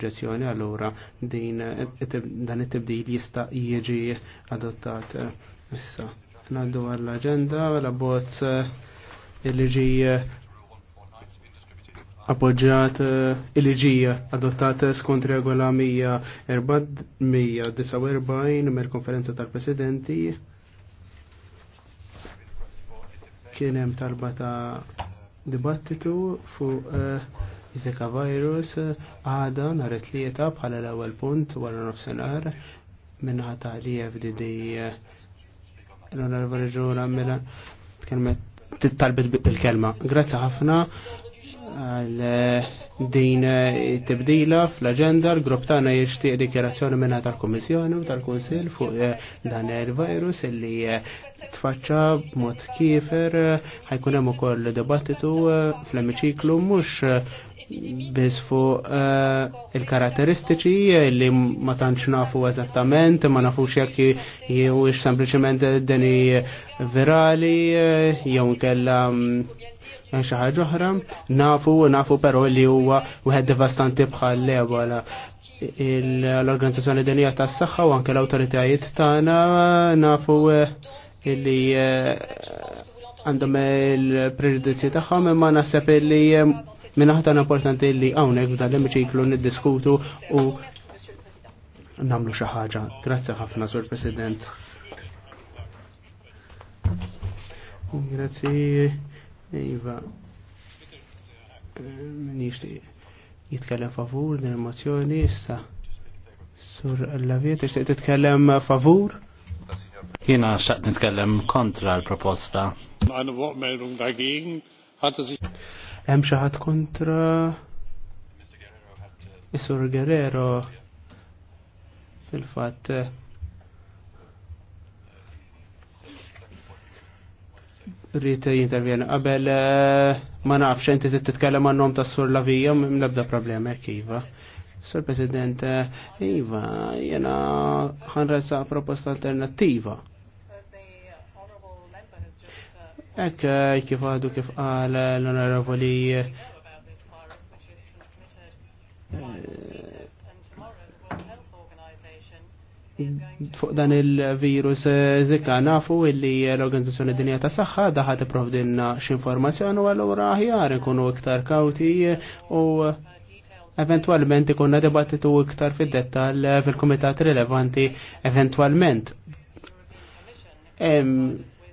oġezzjoni allura din dan it-tibdil jista' jiġi adottat issa. Naddu għall agenda la abbozz eh, li ġi eh, appoġġjat eh, il-ġi adottat skont regola 149 mer-konferenza tal-presidenti kien hemm talba ta' dibattitu fuq Zika virus għada nhar it-tlieta bħala l-ewwel punt wara nofsinhar minnaħa ta' li FDD l-onorevoli ġura mela tkellmet tittalbet bil-kelma. Grazzi ħafna għal din tibdila fl-agenda l-grupp tagħna jixtieq dikjarazzjoni minna tal-Kummissjoni u tal-Kunsill fuq eh, dan il-virus illi eh, tfaċċa b'mod kiefer ħajkun hemm ukoll dibattitu eh, fl-emiċiklu mhux biss fuq eh, il-karatteristiċi li ma tantx nafu eżattament, ma nafux jekk jew sempliċement deni virali eh, jew kella mm, xi ħaġa oħra. Nafu nafu però li huwa wieħed devastanti bħal ebola l-Organizzazzjoni Dinija tas-Saħħa u anke l-awtoritajiet tagħna nafu eh, illi għandhom il-preġudizzji tagħhom imma naħseb illi Minna ħatan importanti li għawnek b'dan l-emiċiklu niddiskutu u namlu xaħġa. Grazie ħafna, Sur President. Grazie, Iva. Eh, Minix li jitkellem favur din il-mozzjoni issa. Sur Laviet, ixtiq titkellem favur? Jina xaqt nitkellem kontra l-proposta. Eine Wortmeldung dagegen hatte sich Hemm xi ħadd kontra Isur Guerrero fil-fatt rrit jintervjena. Qabel eh, ma nafx inti titkellem għannom ta' sur lavija mlebda problema hekk iva. Sur President, eh, iva, jena ħanresa proposta alternativa Ek eh, kif għadu kif għala l-onorevoli eh, fuq dan il-virus eh, zika nafu illi l-Organizzazzjoni Dinja ta' Saħħa daħat iprovdinna x'informazzjoni u allura aħjar ikunu iktar kawti u eventualment ikunna dibattitu iktar fid-dettal fil-kumitat rilevanti eventualment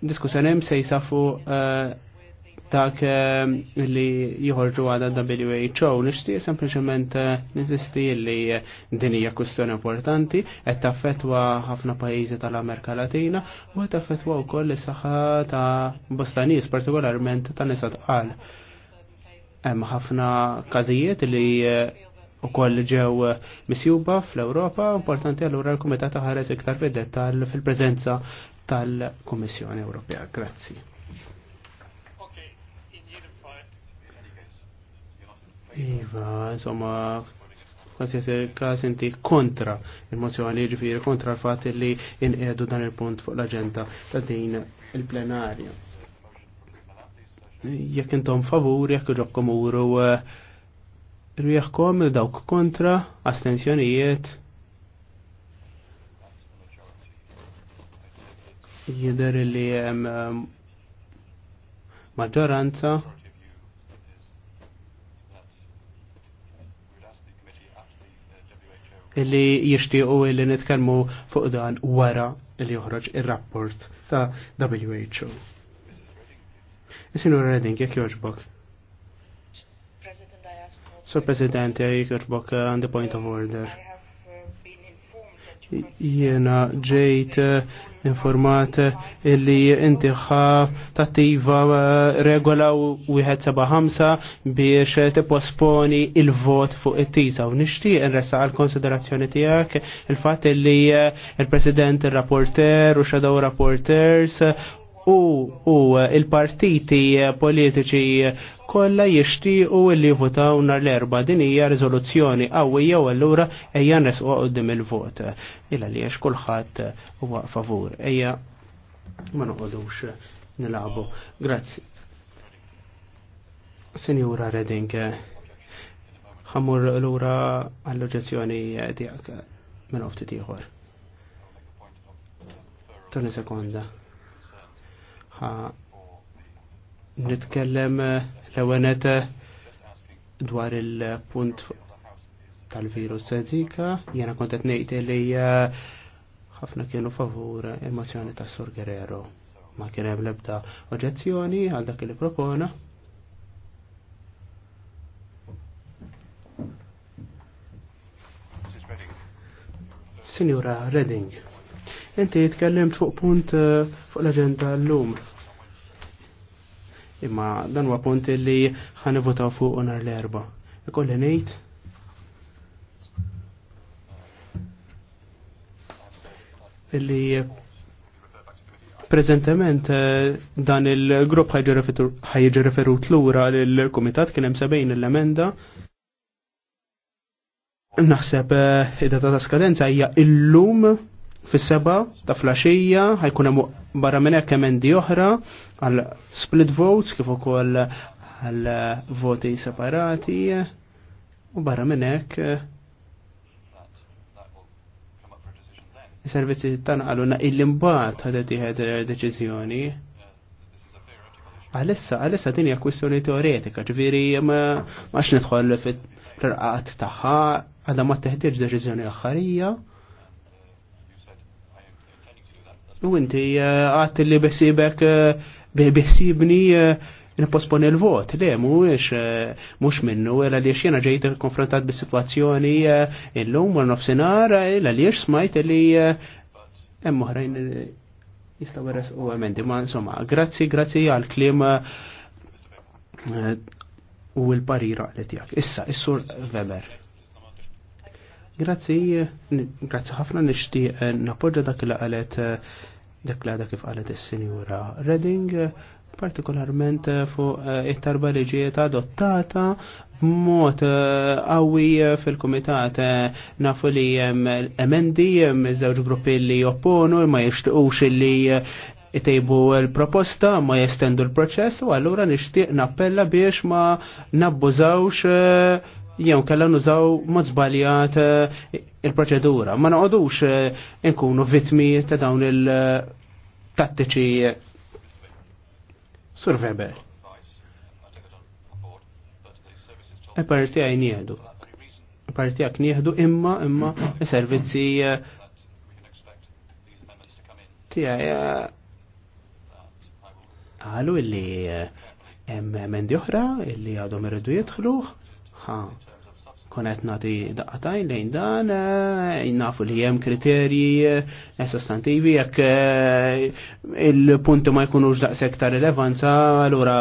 diskussjoni se fuq eh, dak eh, li jħorġu għada WHO. Nixtieq sempliciment eh, ninsisti li din hija kwistjoni importanti qed taffetwa ħafna pajjiżi tal-Amerika Latina u qed taffetwa wkoll is-saħħa ta' bosta nies partikolarment ta' nisa tqal. Hemm ħafna każijiet li u koll ġew misjuba fl-Europa, importanti għallura l-Kumitat ħares iktar fid-dettal fil-prezenza tal-Kommissjoni Ewropea. Grazzi. Iva, insomma, qualsiasi kas inti kontra il-mozzjoni ġifiri, kontra l-fat li inqedu dan il-punt fuq l-agenda ta' din il-plenarja. Jekk intom favur, jekk ġokkom uru, eh, rwieħkom dawk kontra, astensjonijiet, Jider li ehm, maġġoranza illi jishtiqu illi nitkelmu fuq dan wara illi joħroġ il rapport ta' WHO. Isinu Redding, jek joġbok? Sur President, jek joġbok, uh, on the point of order. Jiena ġejt eh, informat eh, illi intiħa tattiva eh, regola u ħamsa biex tipposponi il-vot fuq it-tisa u nixtieq nressa għal konsiderazzjoni tiegħek il-fatt illi il-President, ir rapporter u Shadow Rapporters u, u il-partiti politiċi kolla u li votaw nar l-erba din hija riżoluzzjoni qawwija u allura ejja u għoddim il-vot. Illa li għax kulħadd huwa favur. Ejja ma noqogħdux nilabu. Grazzi. Senjura Reding, ħammur lura għall-oġezzjoni tiegħek minn ftit ieħor. Toni sekonda nitkellem eh, l-ewenet eh, dwar il-punt tal-virus zika, jena kontet nejt li eh, ħafna kienu favur emozjoni ta' Sur Guerrero. Ma kien hemm l-ebda oġezzjoni għal dak li propona. Signora Redding. Inti jitkellimt fuq punt eh, fuq l-agenda l-lum. Imma dan huwa punt li ħanivotaw fuq nhar l-erba. Ikolli ngħid illi eh, Prezentament eh, dan il-grupp ħajġi referut lura l-komitat kien hemm sebejn l-emenda. Naħseb id-data ta' skadenza hija illum fis-seba ta' flaxija ħajkun hemm barra minn hekk emendi oħra għal split votes kif ukoll għal voti separati u barra minn hekk is-servizzi eh, tanqalu naqil imbagħad ħadet tieħed deċiżjoni. Għalissa, għalissa din hija kwistjoni teoretika, ġifieri ma nidħol fit-rqaqat tagħha għadha ma teħtieġ deċiżjoni aħħarija. U inti eh, għat li besibek eh, besibni eh, niposponi l-vot, le, mux, mux minnu, la li jena ġejt konfrontat bi situazzjoni il-lum u nofsinar, la li smajt li emmuħrajn jistaw res u għamendi, ma insomma, grazzi, grazzi għal-klim u l-parira li tijak. Issa, issur Weber. Grazzi, grazzi ħafna nishtiq napoġa dak li qalet deklada kif qalet is-Sinjura Redding partikolarment fuq eh, it-tarba li ġiet adottata b'mod eh, qawwi fil-kumitat eh, nafu li emendi żewġ gruppi li opponu ma jixtiqux li jtejbu l-proposta ma jestendu l-proċess u allura nixtieq nappella biex ma nabbużawx jew kellha nużaw mod żbaljat il-proċedura. Ma noqogħdux nkunu vitmi ta' dawn il- tattiċi surveber. Weber. Il-parti e għaj nieħdu. Il-parti e għak nieħdu imma imma e servizzi tijaj għalu illi emmendi oħra illi għadhom irridu jidħlu. Ha konet nati daqqatajn lejn dan, eh, nafu li jem kriterji eh, sostantivi, jek eh, il-punti ma jkunux daqsek ta' rilevanza, allura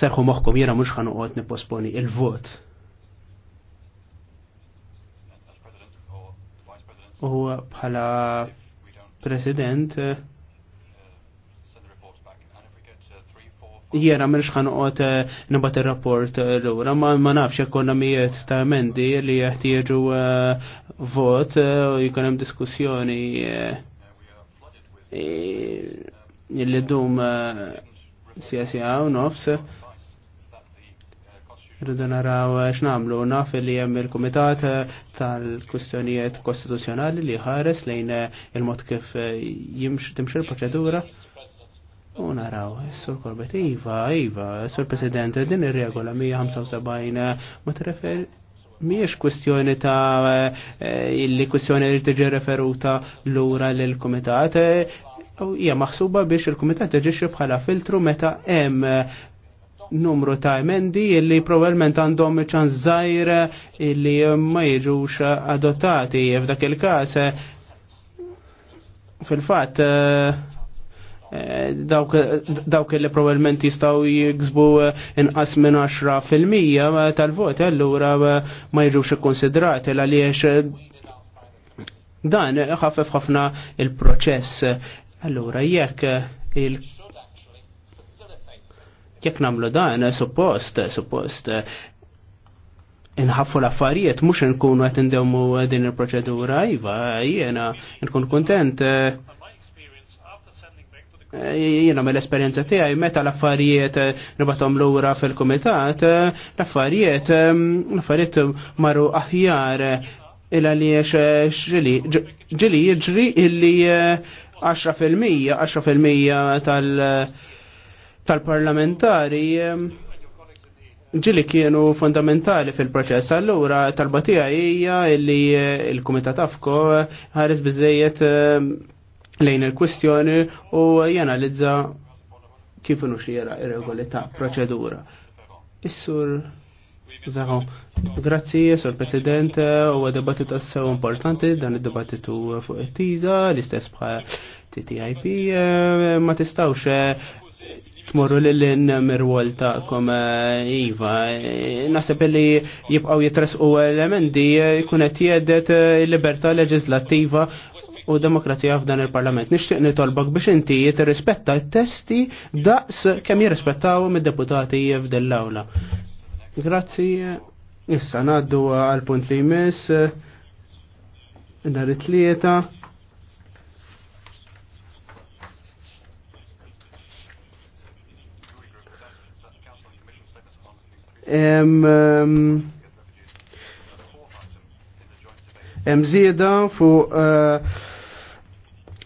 serħu moħkom jena mux ħanuqot niposponi il-vot. U bħala president, Jiena minn uqot eh, nibat il-rapport eh, l-ura, ma nafx ekonomijiet ta' emendi li jeħtieġu eh, vot u jkun hemm diskussjoni li dum sija u nofs. Rridu naraw x'namlu naf li hemm il-Kumitat tal-Kwistjonijiet Kostituzzjonali li ħares lejn il-mod kif jimx timx il proċedura Una raw, sur korbet, iva, iva, sur president, din ir-regola 175 ma t-refer miex kwestjoni ta' eh, illi kwestjoni li tiġi referuta l-ura l-komitat, eh, hija maħsuba biex il-komitat tiġi bħala filtru meta hemm eh, numru ta' emendi illi probabbilment għandhom ċans żgħir illi ma jiġux adottati f'dak il-każ fil-fatt Eh, dawk li probabbilment jistgħu jiksbu eh, inqas minn 10 fil-mija eh, tal vot allura ma jiġux ikkonsidrati għaliex dan ħafef ħafna il-proċess. Allura jekk il jekk namlu dan suppost suppost inħaffu l-affarijiet mhux nkunu qed indewmu din il-proċedura jiva, jiena nkun kuntent uh, jiena mill-esperjenza tiegħi meta l-affarijiet nibatom lura fil-kumitat, l-affarijiet ehm, l-affarijiet maru aħjar il għaliex ġili jiġri illi 10% eh, 10% tal- tal-parlamentari ehm, ġili kienu fundamentali fil-proċess. Allura tal-batija hija illi eh, il-Kumitat Afko ħares biżejjed ehm, lejn il-kwistjoni u janalizza kif nuxjera ir-regoli ta' proċedura. Is-sur grazzi, sur President, u debattit għassaw importanti, dan id-debattitu fuq it-tiza, l-istess bħal TTIP, eh, ma tistawx eh, tmorru l-lin mirwol ta' koma eh, Iva. Nasib li jibqaw jitresqu elementi kunet jedet il-liberta leġislattiva u demokratija f'dan il-Parlament. Nixtieq nitolbok biex inti tirrispetta t-testi daqs kemm jirrispettaw mid-deputati f'dell-awla. Grazzi. Issa naddu għal punt li jmiss nhar it-tlieta. Mżieda em, uh,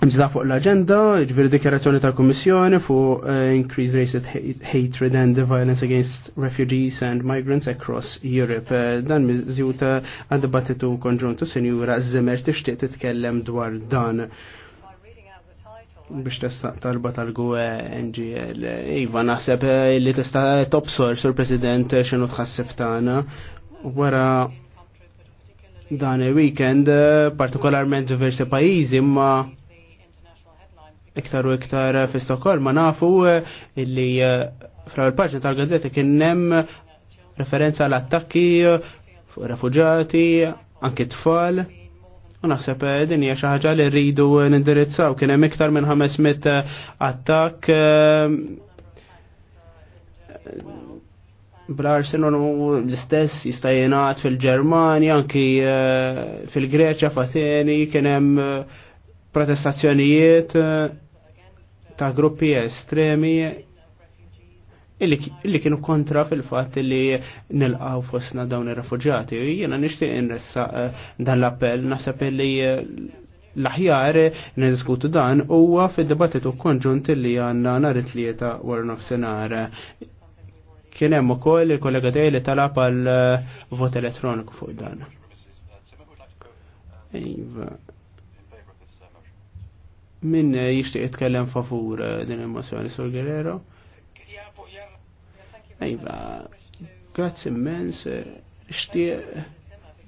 Mżda fuq l-agenda, ġviri dikjarazzjoni tal-Kommissjoni fuq uh, Increased Racist Hatred and the Violence Against Refugees and Migrants Across Europe. Eh, dan miżjut għad-dibattitu konġuntu senjura Zimmer tixtieq titkellem dwar dan biex tista' talba tal-gwe NGL. Iva, naħseb eh, li tista' topsor, sur President, X'enu tħassib tagħna. Wara dan il-weekend, partikolarment diversi pajjiżi, imma iktar u iktar eh, fi ma nafu eh, illi eh, fra l-paġna tal-gazzetta kien hemm referenza għal attakki fuq refuġati, anki tfal. U naħseb din hija xi ħaġa li rridu nindirizzaw kien hemm iktar minn 500 attakk bl-Arsenal l-istess jistajjenat fil-Ġermanja, anki fil-Greċja, fateni, kien hemm protestazzjonijiet ta' gruppi estremi illi kienu kontra fil-fat li nilqaw fosna dawn ir-refuġati. Jiena nixtieq inressa eh, dan l-appell naħseb li eh, l-aħjar niddiskutu dan huwa fid-dibattitu konġunt li għandna nhar it-tlieta wara nofsinhar. Kien hemm ukoll il-kollega tiegħi li talab għal eh, vot elettroniku fuq dan. Iva. Min eh, jishtiq jitkellem favur eh, din il sur Guerrero? Iva, grazzi immens, eh, xtieq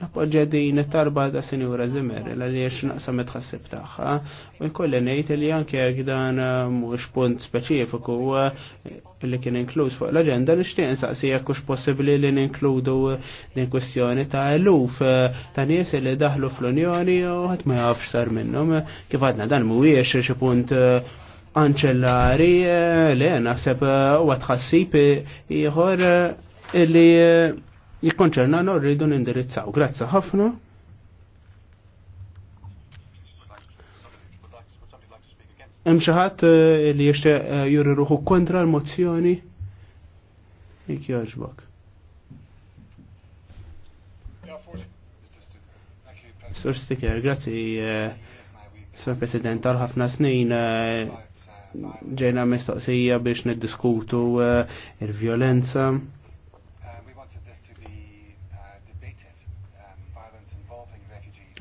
Nappoġġja din it-tarba ta' Sinjura Zimmer, la li jiex naqsam tħassib tagħha, u jkolli ngħid li anke jekk dan eh, mhux punt speċifiku eh, li kien inkluż fuq l agenda nixtieq nsaqsi jekk hux possibbli li ninkludu eh, din kwestjoni ta' eluf ta' nies li daħlu fl-Unjoni u ħadd ma jafx sar minnhom. Kif għadna dan mhuwiex xi punt anċellari le naħseb u tħassib ieħor illi jikkonċernana rridu nindirizzaw. Grazzi ħafna. Hemm xi ħadd eh, li jixtieq eh, juri ruħu kontra l-mozzjoni? Jekk jogħġbok. Sur Sticker, grazzi eh, Sur President tal ħafna snin ġejna mistoqsija biex niddiskutu il-vjolenza.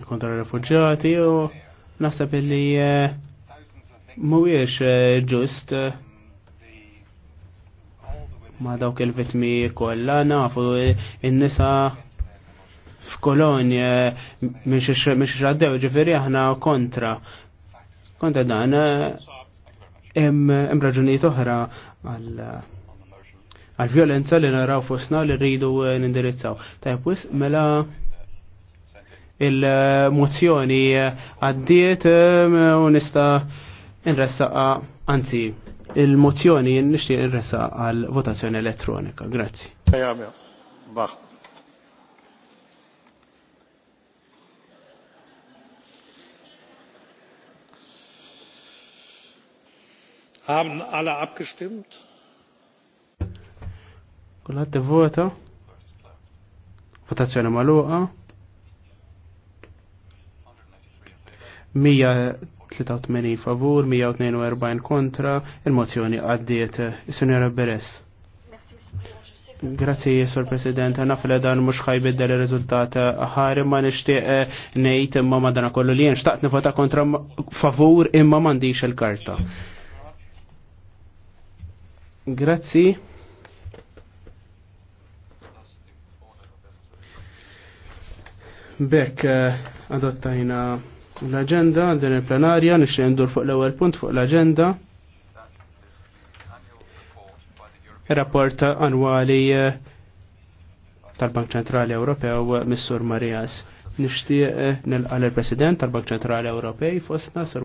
kontra refugjati u nasab illi eh, mhuwiex eh, ġust eh, ma dawk il-vitmi kollha nafu in-nisa f'kolonja mhix għaddew ġifieri aħna kontra. Kontra dan hemm raġunijiet oħra għal għal-violenza li naraw fosna li rridu nindirizzaw. Tajb, mela il-mozzjoni għaddiet ehm, u nista nressaqa, anzi, il-mozzjoni nishtiq nressaqa għal votazzjoni elettronika. Grazzi. Haben alle abgestimmt? Kullat vota. Votazzjoni maluqa. 183 favur, 142 kontra, il-mozzjoni għaddiet. Sinjora Beres. Grazzi, Sor President, naf li dan mux ħajbiddel il rezultat ħari ma nishtiq eh, nejt imma ma dana kollu li nxtaqt nifota kontra favur imma mandiċ il-karta. Grazzi. Bekk eh, adottajna l-agenda din il-plenarja nixtieq ndur fuq l-ewwel punt fuq l-agenda. Ir-rapport annwali eh, tal-Bank Ċentrali Ewropew mis-Sur Marias. Nixtieq eh, nilqa' l-President tal-Bank Ċentrali Ewropej fostna